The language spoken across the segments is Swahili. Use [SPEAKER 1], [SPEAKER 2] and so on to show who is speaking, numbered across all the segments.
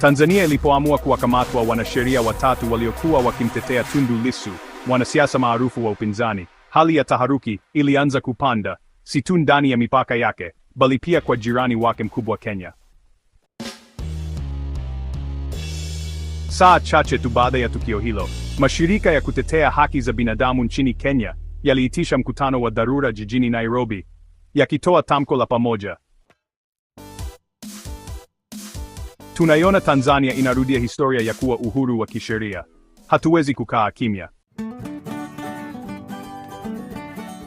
[SPEAKER 1] Tanzania ilipoamua kuwakamatwa wanasheria watatu waliokuwa wakimtetea Tundu Lissu, mwanasiasa maarufu wa upinzani, hali ya taharuki ilianza kupanda, si tu ndani ya mipaka yake, bali pia kwa jirani wake mkubwa Kenya. Saa chache tu baada ya tukio hilo, mashirika ya kutetea haki za binadamu nchini Kenya yaliitisha mkutano wa dharura jijini Nairobi, yakitoa tamko la pamoja. Tunaiona Tanzania inarudia historia ya kuwa uhuru wa kisheria. Hatuwezi kukaa kimya.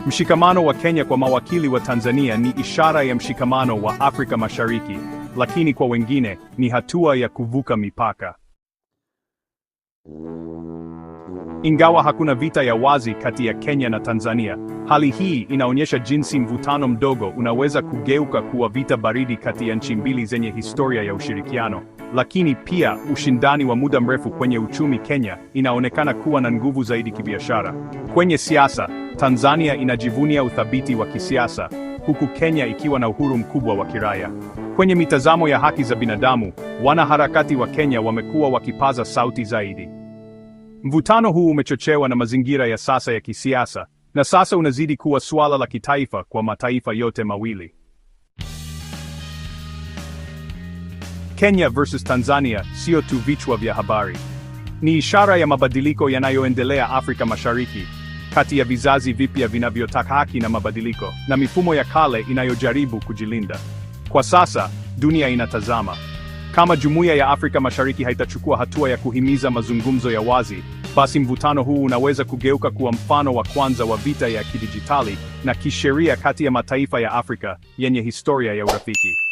[SPEAKER 1] Mshikamano wa Kenya kwa mawakili wa Tanzania ni ishara ya mshikamano wa Afrika Mashariki, lakini kwa wengine ni hatua ya kuvuka mipaka. Ingawa hakuna vita ya wazi kati ya Kenya na Tanzania, hali hii inaonyesha jinsi mvutano mdogo unaweza kugeuka kuwa vita baridi kati ya nchi mbili zenye historia ya ushirikiano. Lakini pia ushindani wa muda mrefu kwenye uchumi, Kenya inaonekana kuwa na nguvu zaidi kibiashara. Kwenye siasa, Tanzania inajivunia uthabiti wa kisiasa, huku Kenya ikiwa na uhuru mkubwa wa kiraia. Kwenye mitazamo ya haki za binadamu, wanaharakati wa Kenya wamekuwa wakipaza sauti zaidi. Mvutano huu umechochewa na mazingira ya sasa ya kisiasa na sasa unazidi kuwa suala la kitaifa kwa mataifa yote mawili.
[SPEAKER 2] Kenya versus Tanzania sio tu vichwa vya habari. Ni ishara ya mabadiliko yanayoendelea Afrika Mashariki kati ya vizazi vipya vinavyotaka haki na mabadiliko na mifumo ya kale inayojaribu kujilinda. Kwa sasa, dunia inatazama. Kama jumuiya ya Afrika Mashariki haitachukua hatua ya kuhimiza mazungumzo ya wazi, basi mvutano huu unaweza kugeuka kuwa mfano wa kwanza wa vita ya kidijitali na kisheria kati ya mataifa ya Afrika yenye historia ya urafiki.